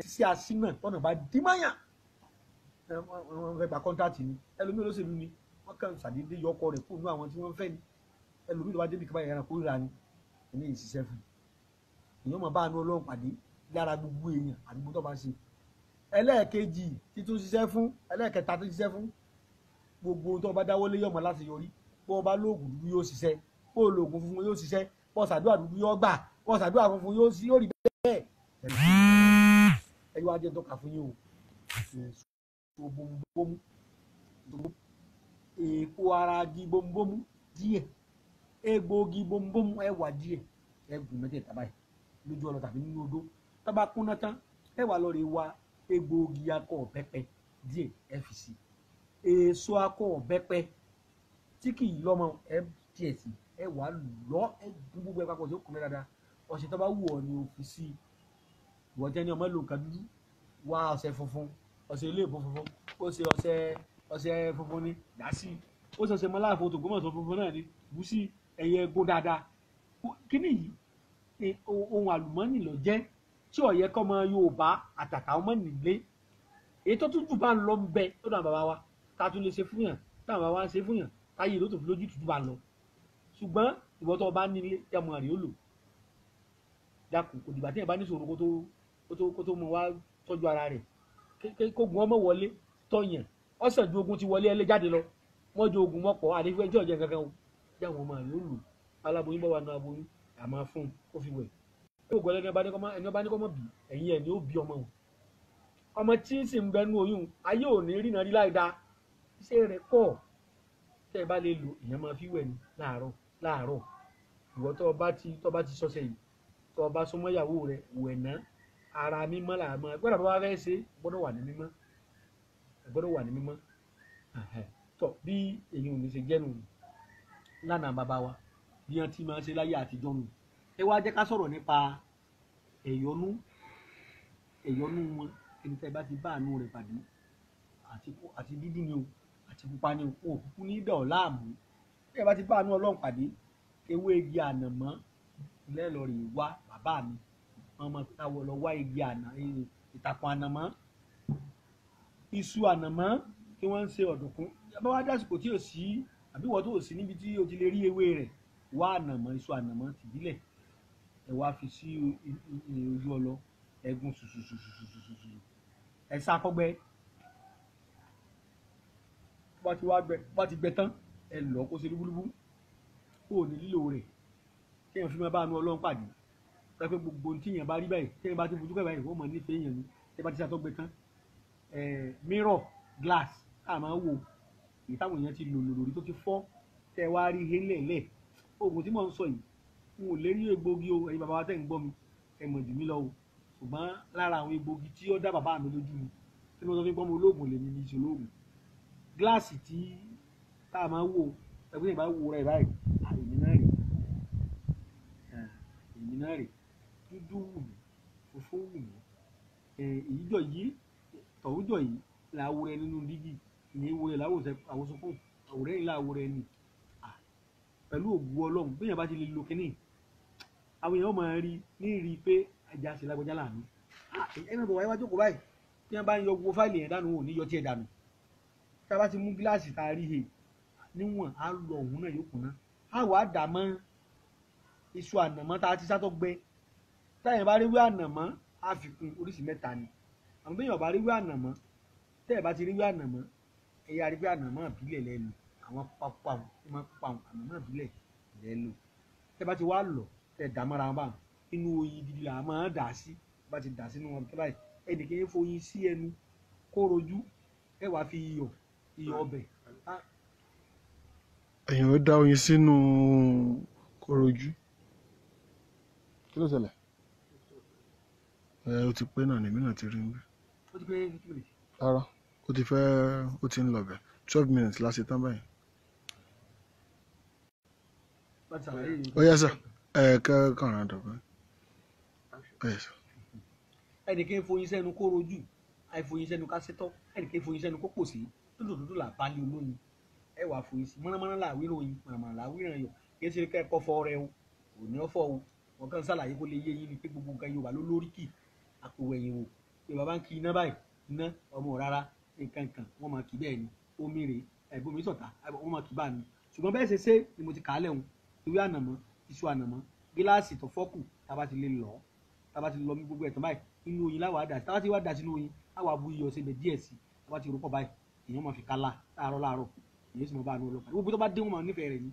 ṣiṣẹ́ aṣínà tọ́nà bá dímáyà wọ́n fẹ́ gba kọ́ńtàtì ni ẹlòmíì olóṣèlú ni wọ́n kàn ṣàdédé yọ ọkọ rẹ̀ fóònù àwọn tí wọ́n fẹ́ ni ẹlòmíì lọ́wọ́ débi kábàáyà ẹranko ríra ni ẹni yìí ṣiṣẹ́ fún èèyàn máa bá àánú ọlọ́run pàdé lára gbogbo èèyàn àdúgbò tó bá ṣe ẹlẹ́ẹ̀kejì tí tún fún ẹlẹ́ẹ̀kẹta tó ṣiṣẹ́ fún gbogbo tó bá dáwọ́lé yọ̀mọ́ láti yọrí bó bá lóògùn dúdú yóò ṣiṣẹ́ bó lóògùn funfun yóò ṣiṣẹ́ bó ṣàdúrà dúdú yóò gbà bó ṣàdúrà funfun yóò rí bẹ́ẹ̀ ẹyọ ajé ń tọ́ka fún yín o èso bombomu èpo ara igi bombomu díẹ̀ egbòogi bombomu ẹwà díẹ̀ ẹgùn mẹ́tẹ̀ẹ̀ta báyìí lójú ọlọ tàbí nínú odó tọ́ba kúnná tán ẹwà lọ rè wa egbòogi akọ ọ̀bẹ́pẹ díẹ̀ ẹ fi sí èso akọ ọ̀bẹ́pẹ tí kì í lọ́mọ ẹ tiẹ̀ sí ẹwà lọ ẹ dún gbogbo ẹ papọ̀ kún mẹ́ dáadáa ọ̀sẹ̀ tọ́ba wù ọ́ ni o wọ́n jẹ́ ní ọmọ lò nǹkan dúdú wá ọṣẹ funfun ọṣẹ iléèbó funfun ó ṣe ọṣẹ ọṣẹ funfun ní dàásì ó ṣe ọṣẹ mọ́láàfọ́ tògbómọ̀ṣọ́ funfun náà ní bùsí ẹ̀yẹ ẹ̀gbọ́n dáadáa kíní yìí ohun àlùmọ́nì ló jẹ́ tí ọ̀yẹ́ kọ́ ọmọ Yorùbá àtàkà ọmọ nílé èyí tó tún jù bá ń lọ ń bẹ lọ́dọ̀ àwọn bàbá wa ká tún lè ṣe fún yàn táwọn bàbá wa ṣe fún yàn táyé ló tó fi lójú tuntun bá lọ ṣùgbọ́n ìwọ́n tó ọba nílé ẹ̀mọ́ rẹ̀ ó lò dákun kò dìgbà tí ẹ̀ bá ní sòrò kó tó kó tó mọ wá tọ́jú ara rẹ̀ kógun ọmọ wọlé tọ̀yàn ọ̀sán ju ogun ti wọlé ẹlẹ́ jáde lọ wọ́n ju ogun mọ́pọ̀ àdéfẹ́ tí ọ̀jẹ̀ kankan jẹ́ àwọn ọmọ àlọ́ lò aláboyún bá wà nù aboyún àmọ́ fún un ó fi wẹ̀ ẹ ògùn ẹlẹ́ni ọba ní kọ́ mọ́ bí ẹ̀yìn ẹ̀ ni ó bí ọmọ wọn ọmọ tí sì ń bẹnu oyún ayé ò ní rìnà rí láì dáa iṣẹ́ rẹ̀ pọ̀ tẹ́ ẹ bá lè lò èèyàn máa fi wẹ̀ ni láàárọ̀ láàárọ̀ ìwọ tó o bá ti tó o bá ti sọ́sẹ̀ yìí tó o bá súnmọ́ ìyàwó rẹ̀ ara mímọ́ là mọ́ gbọ́dọ̀ bá wá fẹ́ ṣe gbọ́dọ̀ wà ní mímọ́ gbọ́dọ̀ wà ní mímọ́ tọ́ bí èyàn ò ní ṣe jẹ́nu lánàá bàbá wa bí wọ́n ti máa ń ṣe láyé àtijọ́ nù ẹ wá jẹ́ ká sọ̀rọ̀ nípa ẹ̀yọ́nú ẹ̀yọ́nú wọn ẹni tẹ́ bá ti bá àánú rẹ̀ pàdé àti dúdú ni o àti pupa ni o òkùnkùn ní dọ̀ láàmú tẹ́ bá ti bá àánú ọlọ́run pàdé ewé igi ànàmọ́ lẹ́lọ́rìí wá bàbá mi wọn máa ta wọ lọ wá igi àná ìtàkùn ànàmọ́ iṣu ànàmọ́ kí wọ́n ń ṣe ọ̀dùnkún bá wá dásìkò tí ò sí àbí wọ́n tó ò sí níbi tí o ti lè rí ewé rẹ̀ wá ànàmọ́ iṣu ànàmọ́ tìbílẹ̀ ẹ wá fi sí ojú ọlọ ẹgún ṣùṣùṣùṣùṣùṣù ẹ sá kọgbẹ bá ti wá gbẹ bá ti gbẹ tán ẹ lọ kó ṣe lúbúlúbú kó o ní lílo rẹ̀ kéèyàn fi máa bá àánú Ọlọ́run pàdé sọ pé gbogbo tí yẹn bá rí báyìí tí yẹn bá ti fojú kẹ́ báyìí wọ́n mọ̀ nífẹ̀ẹ́ yẹn ni tí yẹn bá ti ṣàtọ́gbẹ tán mirror glass tá a máa ń wò èyí táwọn èèyàn ti lò lòlòrí tó ti fọ́ tẹ́ wá rí ihe lẹ̀lẹ̀ oògùn tí mò ń sọ yìí n ò lè rí egbògi o ẹ̀yin bàbá wa tẹ̀ ń gbọ́ mi ẹ mọ̀ jù mí lọ o ṣùgbọ́n lára àwọn egbògi tí ó dá bàbá mi lójú mi tí mo sọ fún gbọ́mọ olóògùn lèmi ní ìṣòro òògùn gíláàsì tí tá a máa wò ẹgbẹ́ yẹn bá wò rẹ̀ báyìí èmi rè èmi rè dúdú wù mí funfun wù mí ìyíjọ yìí tọ̀hújọ yìí là á wo rẹ nínú dígì ní í wo rẹ láwòsàn àwòsànkùn àwòrán yìí là á wo rẹ nì pẹ̀lú ògùn ọlọ́run bí èèyàn bá ti lè lo kínní àwọn èèyàn máa rí ní rí i pé ajá sí lágbájá làánú ẹni náà bọ̀ wáyé wá jókòó báyìí tí wọ́n bá ń yọ gbogbo fáìlì yẹn dànù òní yọ tiẹ̀ dànù tá a bá ti mú gíláàsì tá a rí he níwọ̀n á lọ òun náà yókùn náà á wàá dà mọ́ iṣu ànàmọ́ tá a ti sátọ́ gbẹ́ táyà bá ríwé ànàmọ́ àfikún oríṣìí mẹ́ta ni àwọn bẹ́yàn bá ríwé ànàmọ́ tẹ́yà bá ti ríwé ànàmọ́ ẹ̀yà ríwé ànàmọ́ ìbílẹ̀ lẹ́nu àwọn pàpàwọ̀ tí wọ́n pa ànàmọ́ ìbílẹ̀ lẹ́nu tẹ́yà bá ti wá lọ tẹ́yà dá mọ́ra wọn báwọn inú oyin gidi là máa dà sí bá ti dà sínú wọn báyìí ẹnì kìíní foyin sí ẹnu kó rojú ẹ wàá fi iyọ̀ iyọ̀ ọbẹ̀. èèyàn ah. dá oyin sínú kó rojú kí ló ṣẹlẹ̀ ẹ ó ti pé náà ni èmi náà ti rí níbí. ó ti pé fifty minutes. rárá ó ti fẹ́ ó ti ń lọ bẹ̀ twelve minutes la ṣe tán báyìí. ó yẹ sà ẹ kẹ́kọ̀ọ́ rẹ̀ dọ̀gbọ́n. ẹnìkan foyin sẹ́nu kó rojú àìfoyin sẹ́nu ká ṣetọ́ ẹnìkan foyin sẹ́nu kó pòsí dúdùdúdù là bá ní olóyin ẹ wà foyin sí mọ́nàmọ́ná là wí ròyìn mọ̀nàmọ́ná là wí yọ kí ẹ ṣe kẹ́kọ̀ọ́ fọ́ rẹ o ò ní ọ́ fọ́ o wọ́n kàn ń ṣàlàyé kó lè yé yín ni pé gbogbo nǹkan Yorùbá ló lóríkì àpòwẹ̀yìn wò pé bàbá ń kí iná báyìí iná ọmọ rárá nǹkan kan wọ́n máa kí bẹ́ẹ̀ ni omi rè ẹ̀bùn mi sọ̀tà wọ́n máa kí bá mi ṣùgbọ́n bẹ́ẹ̀ ṣe ṣe ni mo ti kà á lẹ́hùn ewé ànàmọ́ iṣu ànàmọ́ gíláàsì tó fọ́kù tába ti lè lọ tába ti lọ mí gbogbo ẹ̀tàn báyìí inú oyin láwa dà tába ti wá dà sínú oyin láwa bu iyọ̀ síbẹ̀ díẹ̀ sí tába ti rò báyìí èèyàn máa fi kálá láàárọ̀ láàárọ̀ èèyàn sì máa bá a ọlọ́pàá gbogbo tó bá dé wọn máa nífẹ̀ẹ́ rẹ̀ ni